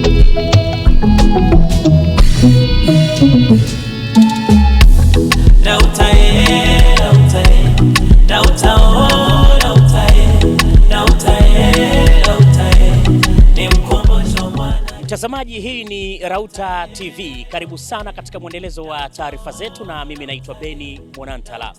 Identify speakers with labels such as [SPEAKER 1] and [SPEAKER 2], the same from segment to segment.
[SPEAKER 1] Thank you. Mtazamaji, hii ni Rauta TV. Karibu sana katika mwendelezo wa taarifa zetu, na mimi naitwa Beni Mwanantala.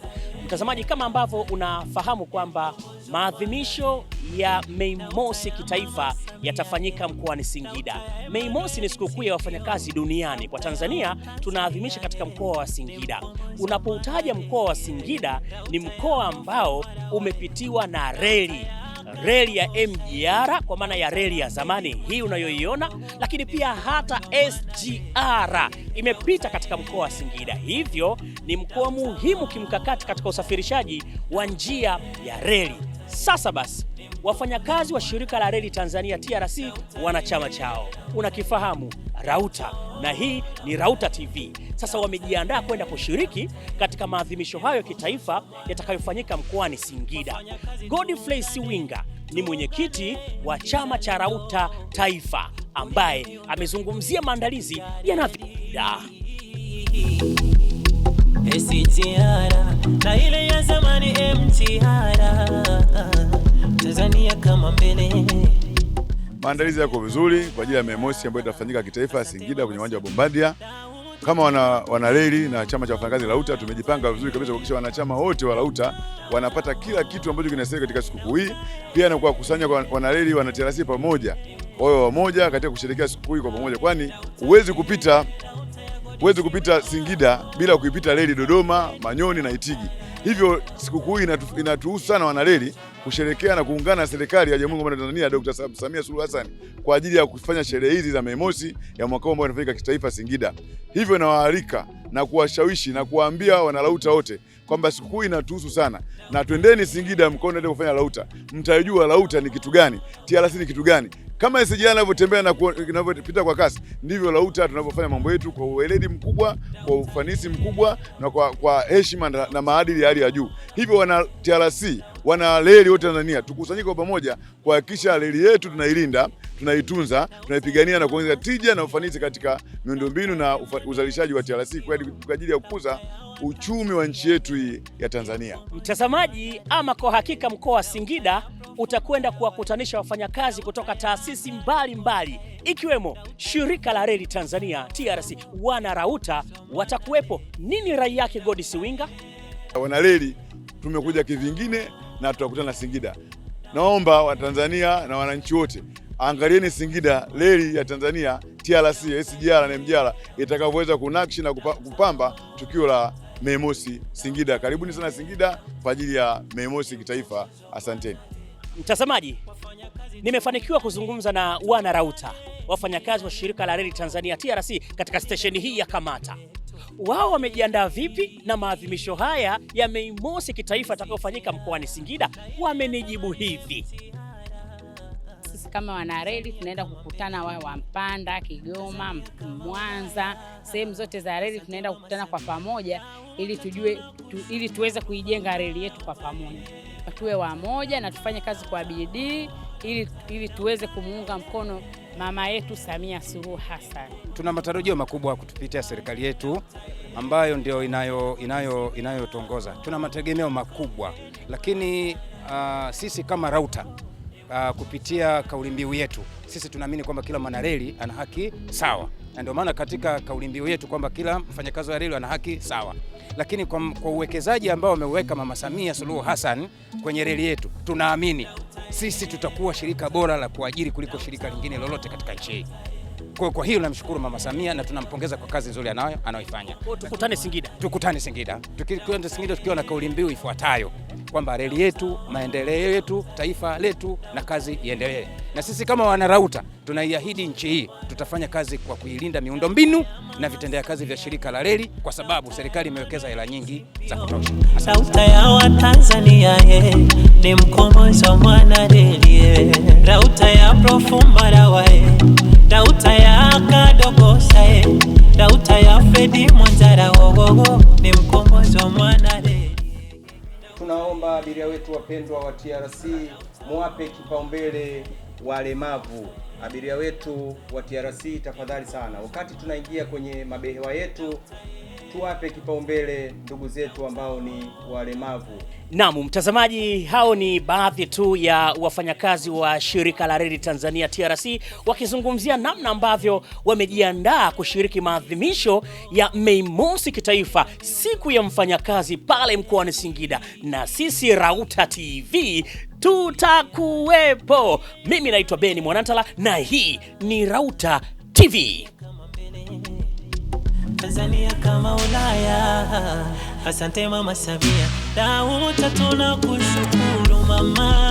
[SPEAKER 1] Mtazamaji, kama ambavyo unafahamu kwamba maadhimisho ya Mei Mosi kitaifa yatafanyika mkoani Singida. Mei Mosi ni sikukuu ya wafanyakazi duniani. Kwa Tanzania tunaadhimisha katika mkoa wa Singida. Unapoutaja mkoa wa Singida, ni mkoa ambao umepitiwa na reli reli ya MGR kwa maana ya reli ya zamani hii unayoiona, lakini pia hata SGR imepita katika mkoa wa Singida, hivyo ni mkoa muhimu kimkakati katika usafirishaji wa njia ya reli. Sasa basi wafanyakazi wa shirika la reli Tanzania TRC wana chama chao, unakifahamu Rauta na hii ni Rauta TV. Sasa wamejiandaa kwenda kushiriki katika maadhimisho hayo ya kitaifa yatakayofanyika mkoani Singida. Godfrey Siwinga ni mwenyekiti wa chama cha Rauta Taifa ambaye amezungumzia maandalizi yanavyoenda na ile ya zamani
[SPEAKER 2] Tanzania kama mbele Maandalizi yako vizuri kwa ajili ya memosi ambayo itafanyika kitaifa Singida kwenye uwanja wa Bombardia. Kama wana, wana reli na chama cha wafanyakazi Lauta, tumejipanga vizuri kabisa kuhakikisha wanachama wote wa Lauta wanapata kila kitu ambacho kinastahili katika sikukuu hii, pia na kuwakusanya kwa wana reli wana TRC pamoja, wao wamoja katika kusherehekea sikukuu hii kwa pamoja, kwani huwezi kupita huwezi kupita Singida bila kuipita reli Dodoma, Manyoni na Itigi. Hivyo sikukuu hii inatuhusu sana wanareli kusherekea na kuungana na serikali ya Jamhuri ya Muungano wa Tanzania Dr. Samia Suluhu Hassan kwa ajili ya kufanya sherehe hizi za Mei Mosi ya mwaka huu ambayo inafanyika kitaifa Singida. Hivyo nawaalika na kuwashawishi na kuwaambia wanalauta wote kwamba siku hii inatuhusu sana, na twendeni Singida mkono ndio kufanya lauta. Mtajua lauta ni kitu gani, TRC ni kitu gani. Kama SGR inavyotembea na inavyopita kwa kasi, ndivyo LAUTA tunavyofanya mambo yetu kwa uweledi mkubwa, kwa ufanisi mkubwa na kwa heshima na maadili ya hali ya juu. Hivyo wana TRC, wana reli wote Tanzania, tukusanyike kwa pamoja kuhakikisha reli yetu tunailinda, tunaitunza, tunaipigania na kuongeza tija na ufanisi katika miundombinu na uzalishaji wa TRC kwa ajili ya kukuza uchumi wa nchi yetu hii ya Tanzania.
[SPEAKER 1] Mtazamaji, ama kwa hakika mkoa wa Singida utakwenda kuwakutanisha wafanyakazi kutoka taasisi mbalimbali ikiwemo shirika la reli Tanzania TRC, wana Rauta watakuwepo. Nini rai yake Godi Siwinga?
[SPEAKER 2] Wana reli tumekuja kivingine na tutakutana Singida. Naomba Watanzania na wananchi wote angalieni Singida, reli ya Tanzania TRC, SGR na MGR itakavyoweza kunakshi na kupamba tukio la Mei Mosi Singida. Karibuni sana Singida kwa ajili ya Mei Mosi kitaifa. Asanteni
[SPEAKER 1] mtazamaji, nimefanikiwa kuzungumza na wana Rauta, wafanyakazi wa shirika la reli Tanzania TRC katika stesheni hii ya Kamata wao wamejiandaa vipi na maadhimisho haya ya Mei Mosi kitaifa atakayofanyika mkoani Singida? Wamenijibu hivi.
[SPEAKER 3] Sisi kama wanareli tunaenda kukutana wawe wa Mpanda, Kigoma, Mwanza, sehemu zote za reli tunaenda kukutana kwa pamoja ili tujue tu, ili tuweze kuijenga reli yetu kwa pamoja, tuwe wamoja na tufanye kazi kwa bidii ili, ili tuweze kumuunga mkono mama yetu Samia Suluhu Hassan.
[SPEAKER 4] Tuna matarajio makubwa kutupitia serikali yetu ambayo ndio inayotongoza inayo, inayotongoza, tuna mategemeo makubwa, lakini uh, sisi kama Rauta uh, kupitia kauli mbiu yetu sisi tunaamini kwamba kila mwanareli ana haki sawa, na ndio maana katika kauli mbiu yetu kwamba kila mfanyakazi wa reli ana haki sawa. Lakini kwa, kwa uwekezaji ambao ameuweka Mama Samia Suluhu Hassan kwenye reli yetu tunaamini sisi tutakuwa shirika bora la kuajiri kuliko shirika lingine lolote katika nchi hii. Kwa, kwa hiyo namshukuru Mama Samia na tunampongeza kwa kazi nzuri anayo anayoifanya.
[SPEAKER 1] Tukutane Singida,
[SPEAKER 4] tukutane Singida, tukikwenda Singida tukiwa na kauli mbiu ifuatayo kwamba reli yetu, maendeleo yetu, taifa letu na kazi iendelee na sisi kama wanarauta tunaiahidi nchi hii tutafanya kazi kwa kuilinda miundombinu na vitendea kazi vya shirika la reli, kwa sababu serikali imewekeza hela nyingi za kutosha. Rauta ya Watanzania ni mkombozi wa mwana reli, rauta ya Profumbarawa,
[SPEAKER 5] rauta ya Kadogosa, rauta ya Fredi Mwanzara oh, oh, oh, ni mkombozi wa mwana reli. Tunaomba abiria wetu wapendwa wa TRC muwape kipaumbele walemavu. Abiria wetu wa TRC, tafadhali sana, wakati tunaingia kwenye mabehewa yetu tuwape kipaumbele ndugu zetu ambao ni walemavu.
[SPEAKER 1] Naam, mtazamaji, hao ni baadhi tu ya wafanyakazi wa shirika la reli Tanzania TRC wakizungumzia namna ambavyo wamejiandaa kushiriki maadhimisho ya Mei Mosi kitaifa, siku ya mfanyakazi pale mkoani Singida, na sisi Rauta TV tutakuwepo. Mimi naitwa Beni Mwanantala na hii ni Rauta TV. Tanzania kama Ulaya. Asante Mama Samia, daima tutakushukuru mama